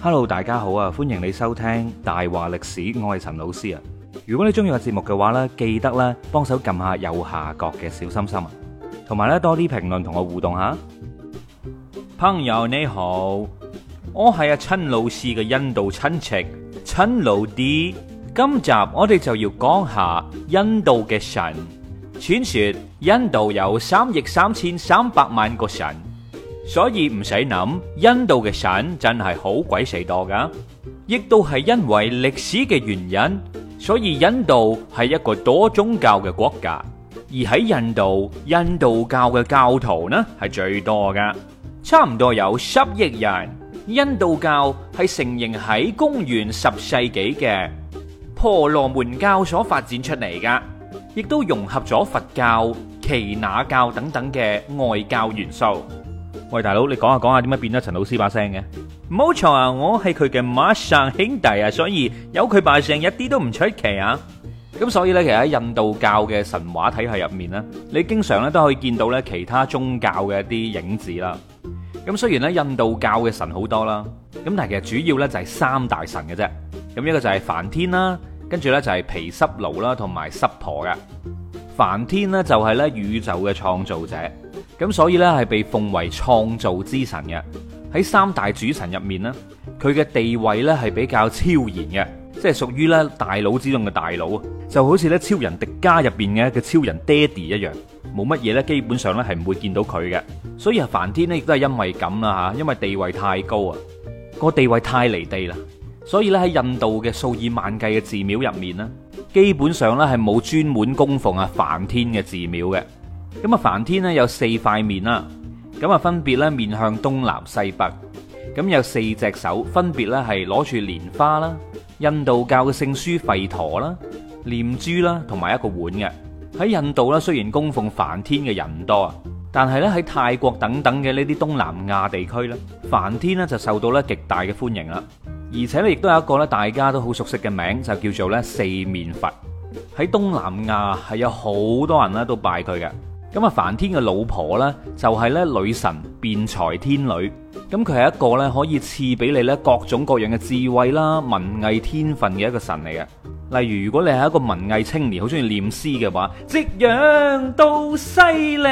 hello，大家好啊，歡迎你收聽大話歷史，我係陳老師啊。如果你中意個節目嘅話呢，記得咧幫手撳下右下角嘅小心心啊，同埋呢多啲評論同我互動下。朋友你好，我係阿陳老師嘅印度親戚，陳老弟。今集我哋就要講下印度嘅神。傳說印度有三億三千三百萬個神。所以唔使諗，印度嘅神真係好鬼死多噶。亦都係因為歷史嘅原因，所以印度係一個多宗教嘅國家。而喺印度，印度教嘅教徒呢係最多噶，差唔多有十億人。印度教係成形喺公元十世紀嘅婆羅門教所發展出嚟噶，亦都融合咗佛教、耆那教等等嘅外教元素。喂，大佬，你講下講下，點解變咗陳老師把聲嘅？唔好嘈啊，我係佢嘅馬上兄弟啊，所以有佢把聲，一啲都唔出奇啊。咁所以呢，其實喺印度教嘅神話體系入面呢，你經常咧都可以見到呢其他宗教嘅一啲影子啦。咁雖然呢印度教嘅神好多啦，咁但係其實主要呢就係三大神嘅啫。咁一個就係梵天啦，跟住呢就係毗濕奴啦，同埋濕婆嘅。梵天呢，就係呢宇宙嘅創造者。咁所以呢，係被奉為創造之神嘅，喺三大主神入面呢，佢嘅地位呢係比較超然嘅，即係屬於呢大佬之中嘅大佬啊，就好似呢超人迪迦入邊嘅個超人爹哋一樣，冇乜嘢呢基本上呢係唔會見到佢嘅。所以啊，梵天呢亦都係因為咁啦吓，因為地位太高啊，個地位太離地啦，所以呢，喺印度嘅數以萬計嘅寺廟入面呢，基本上呢係冇專門供奉啊梵天嘅寺廟嘅。咁啊，梵天咧有四塊面啦，咁啊分別咧面向東南西北。咁有四隻手，分別咧係攞住蓮花啦、印度教嘅聖書《吠陀》啦、念珠啦，同埋一個碗嘅。喺印度咧，雖然供奉梵天嘅人唔多，但係咧喺泰國等等嘅呢啲東南亞地區咧，梵天咧就受到咧極大嘅歡迎啦。而且咧，亦都有一個咧大家都好熟悉嘅名，就叫做咧四面佛。喺東南亞係有好多人咧都拜佢嘅。咁啊，梵天嘅老婆呢，就係呢女神辯才天女。咁佢係一個呢可以賜俾你呢各種各樣嘅智慧啦、文藝天分嘅一個神嚟嘅。例如，如果你係一個文藝青年，好中意念詩嘅話，《夕陽到西嶺》，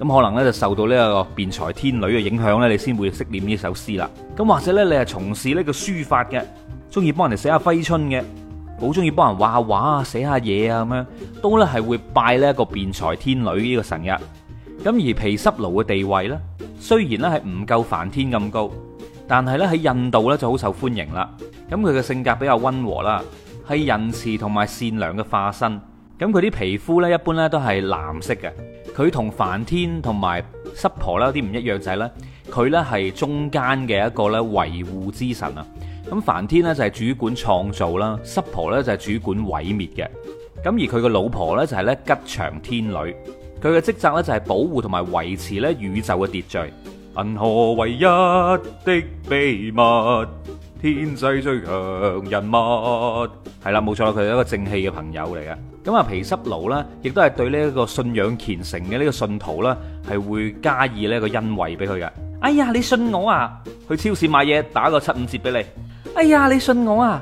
咁可能呢就受到呢一個辯才天女嘅影響呢，你先會識念呢首詩啦。咁或者呢，你係從事呢個書法嘅，中意幫人哋寫下《揮春》嘅。好中意幫人畫下畫啊、寫下嘢啊，咁樣，都呢係會拜呢一個辯才天女呢個神日。咁而毗濕奴嘅地位呢，雖然呢係唔夠梵天咁高，但係呢喺印度呢就好受歡迎啦。咁佢嘅性格比較溫和啦，係仁慈同埋善良嘅化身。咁佢啲皮膚呢，一般呢都係藍色嘅。佢同梵天同埋濕婆呢，有啲唔一樣就係呢，佢呢係中間嘅一個呢維護之神啊。咁梵天呢，就係主管創造啦，濕婆呢，就係主管毀滅嘅。咁而佢個老婆呢，就係呢吉祥天女，佢嘅職責呢，就係保護同埋維持呢宇宙嘅秩序。銀河唯一的秘密，天際最強人物。係啦，冇錯啦，佢係一個正氣嘅朋友嚟嘅。咁啊，毗濕奴呢，亦都係對呢一個信仰虔誠嘅呢個信徒呢，係會加以呢個恩惠俾佢嘅。哎呀，你信我啊，去超市買嘢，打個七五折俾你。哎呀，你信我啊！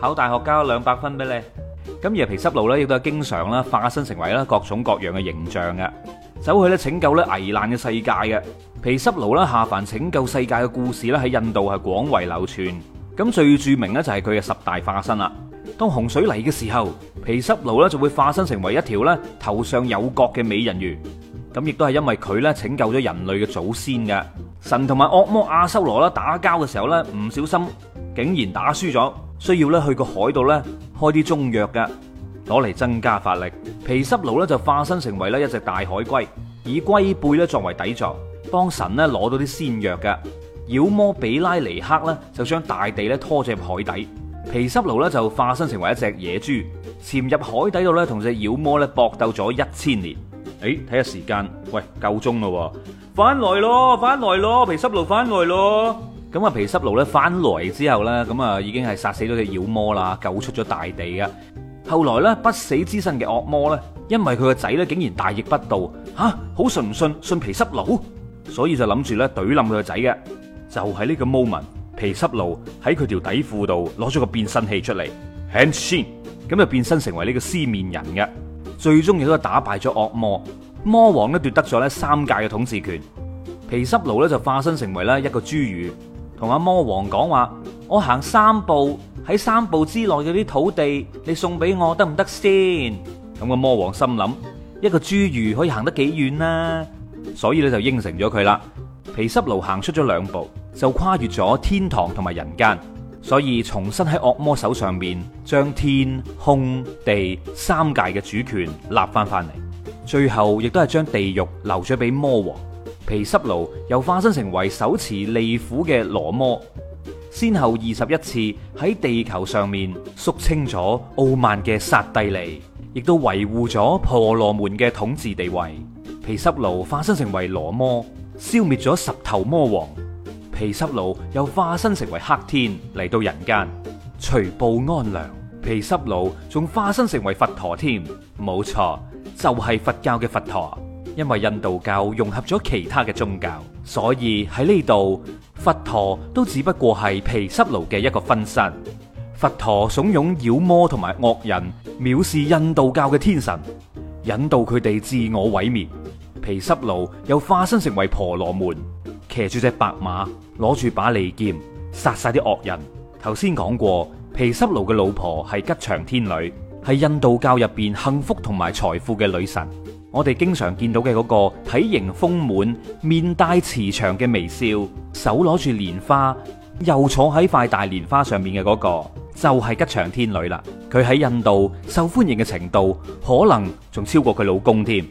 考大學交兩百分俾你。咁而毗濕奴咧，亦都係經常啦，化身成為啦各種各樣嘅形象嘅，走去咧拯救咧危難嘅世界嘅毗濕奴啦。下凡拯救世界嘅故事咧，喺印度係廣為流傳。咁最著名咧就係佢嘅十大化身啦。當洪水嚟嘅時候，毗濕奴咧就會化身成為一條咧頭上有角嘅美人魚。咁亦都係因為佢咧拯救咗人類嘅祖先嘅神同埋惡魔阿修羅啦，打交嘅時候咧，唔小心。竟然打輸咗，需要咧去個海度咧開啲中藥嘅攞嚟增加法力。毗濕奴咧就化身成為咧一隻大海龜，以龜背咧作為底座。幫神咧攞到啲仙藥嘅，妖魔比拉尼克咧就將大地咧拖咗入海底。毗濕奴咧就化身成為一隻野豬，潛入海底度咧同隻妖魔咧搏鬥咗一千年。誒、哎，睇下時間，喂，夠鐘嘞喎，翻來咯，翻來，來咯，毗濕奴翻來咯。咁啊！毗濕奴咧返嚟之後咧，咁啊已經係殺死咗隻妖魔啦，救出咗大地嘅。後來咧，不死之身嘅惡魔咧，因為佢個仔咧竟然大逆不道吓，好、啊、信唔信信毗濕奴，所以就諗住咧懟冧佢個仔嘅。就喺呢個 moment，毗濕奴喺佢條底褲度攞咗個變身器出嚟，Henshin，咁就變身成為呢個獅面人嘅。最終亦都打敗咗惡魔，魔王咧奪得咗咧三界嘅統治權。毗濕奴咧就化身成為咧一個侏儒。同阿魔王講話，我行三步，喺三步之內嗰啲土地，你送俾我得唔得先？咁個魔王心諗，一個侏儒可以行得幾遠啦，所以咧就應承咗佢啦。毗濕奴行出咗兩步，就跨越咗天堂同埋人間，所以重新喺惡魔手上面將天空地三界嘅主權立翻翻嚟，最後亦都係將地獄留咗俾魔王。毗濕奴又化身成為手持利斧嘅羅摩，先後二十一次喺地球上面肅清咗傲慢嘅剎帝利，亦都維護咗婆羅門嘅統治地位。毗濕奴化身成為羅摩，消滅咗十頭魔王。毗濕奴又化身成為黑天嚟到人間，除暴安良。毗濕奴仲化身成為佛陀添，冇錯，就係、是、佛教嘅佛陀。因為印度教融合咗其他嘅宗教，所以喺呢度，佛陀都只不過係毗濕奴嘅一個分身。佛陀慫恿，恿妖魔同埋惡人藐視印度教嘅天神，引導佢哋自我毀滅。毗濕奴又化身成為婆羅門，騎住隻白馬，攞住把利劍，殺晒啲惡人。頭先講過，毗濕奴嘅老婆係吉祥天女，係印度教入邊幸福同埋財富嘅女神。我哋經常見到嘅嗰個體型豐滿、面帶慈祥嘅微笑、手攞住蓮花又坐喺塊大蓮花上面嘅嗰、那個，就係、是、吉祥天女啦。佢喺印度受歡迎嘅程度，可能仲超過佢老公添。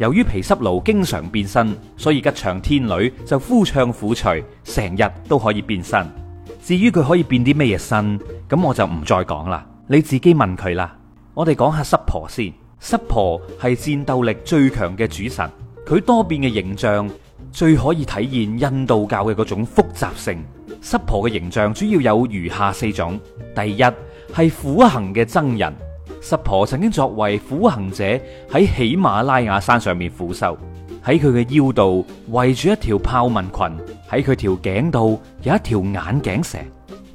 由於皮濕奴經常變身，所以吉祥天女就呼唱苦隨，成日都可以變身。至於佢可以變啲咩嘢身，咁我就唔再講啦，你自己問佢啦。我哋講下濕婆先。濕婆係戰鬥力最強嘅主神，佢多變嘅形象最可以體現印度教嘅嗰種複雜性。濕婆嘅形象主要有如下四種：第一係苦行嘅僧人，濕婆曾經作為苦行者喺喜馬拉雅山上面苦修，喺佢嘅腰度圍住一條豹紋裙，喺佢條頸度有一條眼鏡蛇，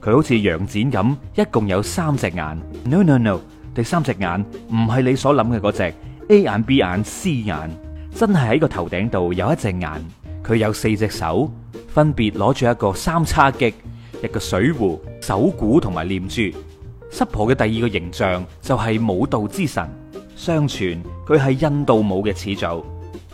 佢好似楊戩咁，一共有三隻眼。No no no。第三隻眼唔係你所諗嘅嗰隻 A 眼 B 眼 C 眼，真係喺個頭頂度有一隻眼，佢有四隻手，分別攞住一個三叉戟、一個水壺、手鼓同埋念珠。濕婆嘅第二個形象就係舞蹈之神，相傳佢係印度舞嘅始祖，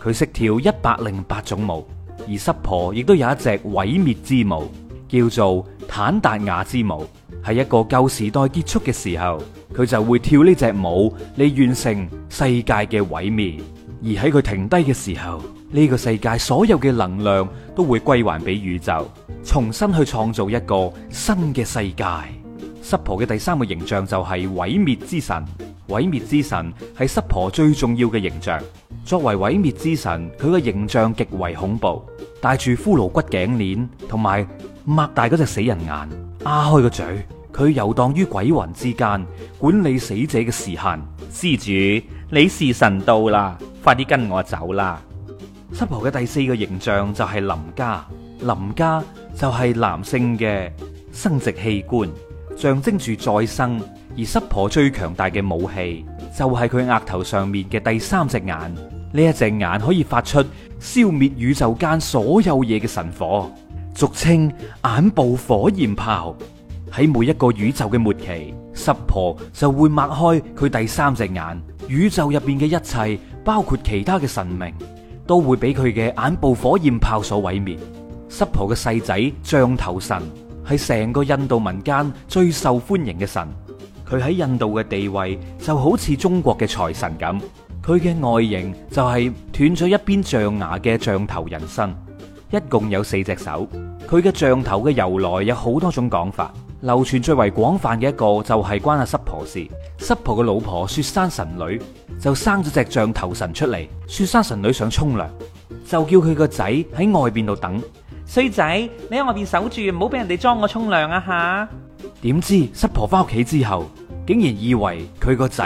佢識跳一百零八種舞，而濕婆亦都有一隻毀滅之舞，叫做。坦達雅之舞係，一個舊時代結束嘅時候，佢就會跳呢隻舞嚟，完成世界嘅毀滅。而喺佢停低嘅時候，呢個世界所有嘅能量都會歸還俾宇宙，重新去創造一個新嘅世界。濕婆嘅第三個形象就係毀滅之神，毀滅之神係濕婆最重要嘅形象。作為毀滅之神，佢嘅形象極為恐怖。戴住骷髏骨頸鏈，同埋擘大嗰隻死人眼，啊開個嘴，佢遊蕩於鬼魂之間，管理死者嘅時限。施主，你時辰到啦，快啲跟我走啦！濕婆嘅第四個形象就係林家，林家就係男性嘅生殖器官，象徵住再生。而濕婆最強大嘅武器就係、是、佢額頭上面嘅第三隻眼，呢一隻眼可以發出消滅宇宙間所有嘢嘅神火，俗稱眼部火焰炮。喺每一個宇宙嘅末期，濕婆就會擘開佢第三隻眼，宇宙入邊嘅一切，包括其他嘅神明，都會俾佢嘅眼部火焰炮所毀滅。濕婆嘅細仔象頭神係成個印度民間最受歡迎嘅神，佢喺印度嘅地位就好似中國嘅財神咁。佢嘅外形就係斷咗一邊象牙嘅象頭人身，一共有四隻手。佢嘅象頭嘅由來有好多種講法，流傳最為廣泛嘅一個就係關阿濕婆事。濕婆嘅老婆雪山神女就生咗隻象頭神出嚟。雪山神女想沖涼，就叫佢個仔喺外邊度等。衰仔，你喺外邊守住，唔好俾人哋裝我沖涼啊吓！點知濕婆返屋企之後，竟然以為佢個仔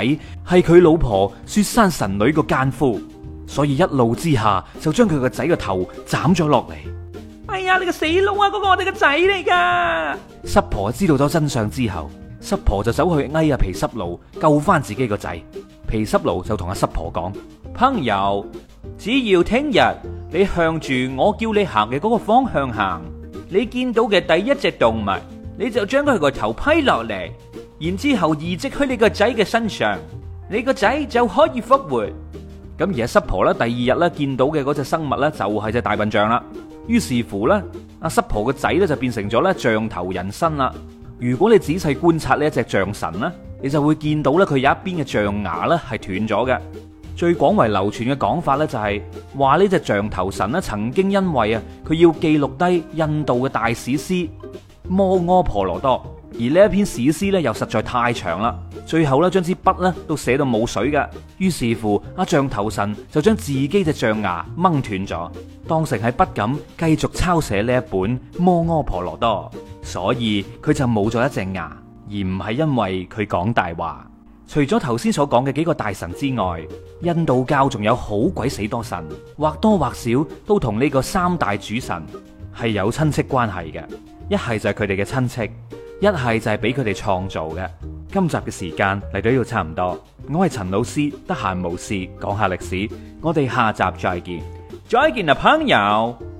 係佢老婆雪山神女個奸夫，所以一怒之下就將佢個仔個頭斬咗落嚟。哎呀，你個死窿啊！嗰、那個我哋個仔嚟噶。濕婆知道咗真相之後，濕婆就走去哀阿毗濕奴救翻自己個仔。毗濕奴就同阿濕婆講：朋友，只要聽日你向住我叫你行嘅嗰個方向行，你見到嘅第一隻動物，你就將佢個頭批落嚟。然之後移植去你個仔嘅身上，你個仔就可以復活。咁而阿濕婆咧，第二日咧見到嘅嗰隻生物咧，就係隻大笨象啦。於是乎咧，阿濕婆嘅仔咧就變成咗咧象頭人身啦。如果你仔細觀察呢一隻象神咧，你就會見到咧佢有一邊嘅象牙咧係斷咗嘅。最廣為流傳嘅講法咧就係話呢隻象頭神咧曾經因為啊佢要記錄低印度嘅大史詩《摩訶婆羅多》。而呢一篇史詩咧又實在太長啦，最後咧將支筆咧都寫到冇水嘅，於是乎阿象頭神就將自己隻象牙掹斷咗，當成係筆咁繼續抄寫呢一本《摩訶婆羅多》，所以佢就冇咗一隻牙，而唔係因為佢講大話。除咗頭先所講嘅幾個大神之外，印度教仲有好鬼死多神，或多或少都同呢個三大主神係有親戚關係嘅，一係就係佢哋嘅親戚。一係就係俾佢哋創造嘅。今集嘅時間嚟到呢度差唔多，我係陳老師，得閒無事講下歷史。我哋下集再見，再見啦，朋友！